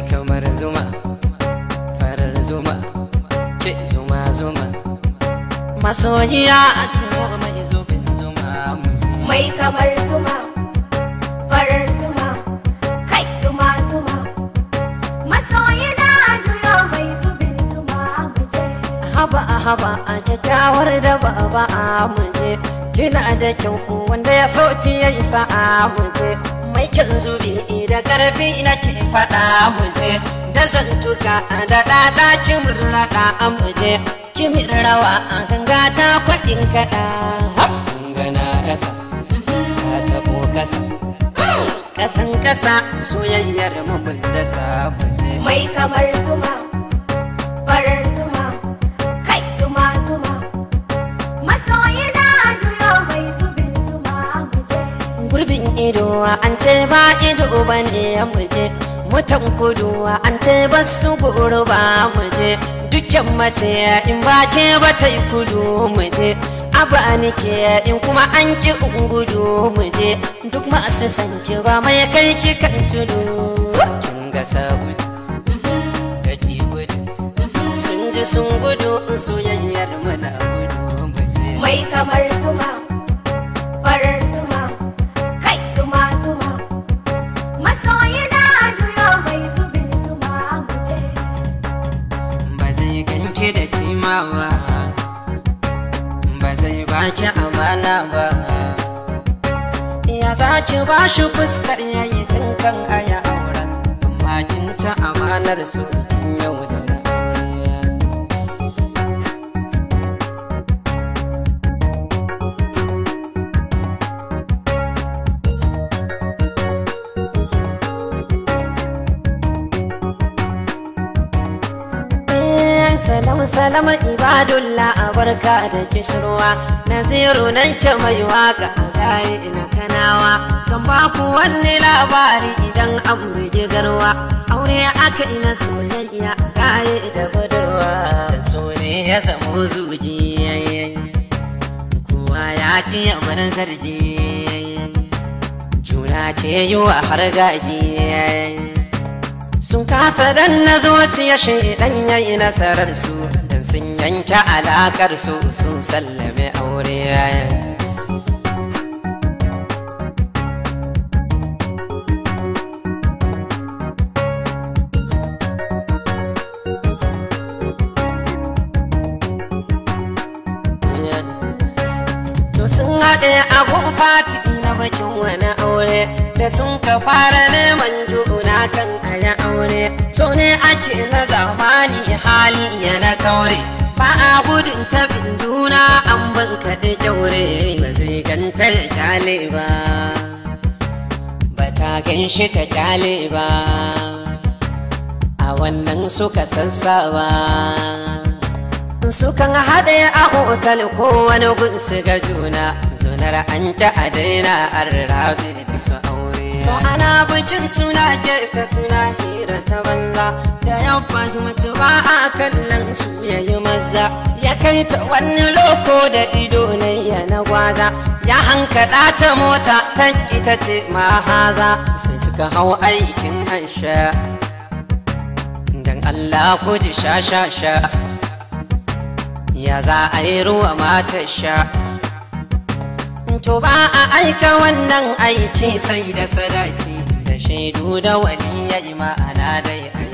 ni kamar zuma farar zuma ke zuma zuma masoyiya a tuwo mai zubin zuma mai kamar zuma farar zuma kai zuma zuma masoyina a juyo mai zubin zuma haba a haba a kyakkyawar da ba a muje kina da kyau wanda ya sauki ya isa a muje mai kyan zubi da karfi na ke faɗa muje da zantuka da ɗaɗa kimir raɗa muje kimir rawa a ganga ta kwaɗin kaɗa. Gana kasa, ta taɓo kasa. Kasan kasa soyayyar mu mun da muje. Mai kamar zuma. ido an ce ba ido ba ne ya muje mutan kudu an ce ba su guru ba muje dukkan mace in ba ke ba ta yi kudu muje aba nike in kuma an ki gudu muje duk masu sanki ba mai kai ki kan tudu kin ga gudu sun ji sun gudu soyayyar mana ba ba zai baki amana ba ya za ba shi fuskar yayi tun kan aya auren amma kin ta amanar su yau da salam salam ibadullah abarka da kishirwa naziru nan ke mai waka a gaye ina kanawa san ba ku wani labari idan an bugi garwa aure aka ina soyayya gaye da budurwa so ne ya samu zuji kowa ya ki ya zargi juna ce yiwa har gaji sun kasa dan na zuciya shaidan ya yi nasarar su dan sun yanke alakar su sun sallame aure yaya sun fati na bakin wani aure da sun ka fara neman juna kan ce na zamani hali ya na taure ba a gudun tabin juna an banka da jaure ba zai ganta kyale ba ba ta gan shi ta kyale ba a wannan suka sassaba sukan haɗe a hotel ko wani gunsu ga juna zunar an ta a daina an rabe da su to ana bikin suna gefe suna hira ta banza da ya fahimci ba a kallon su ya yi maza ya kai ta wani loko da ido na iya na gwaza ya hankada ta mota ta ita ce mahaza sai suka hau aikin hansha dan Allah ku ji sha sha sha ya za a yi ruwa matar sha To ba a aika wannan aiki sai da sadaki da shaidu da wani ya yi ma'ana dai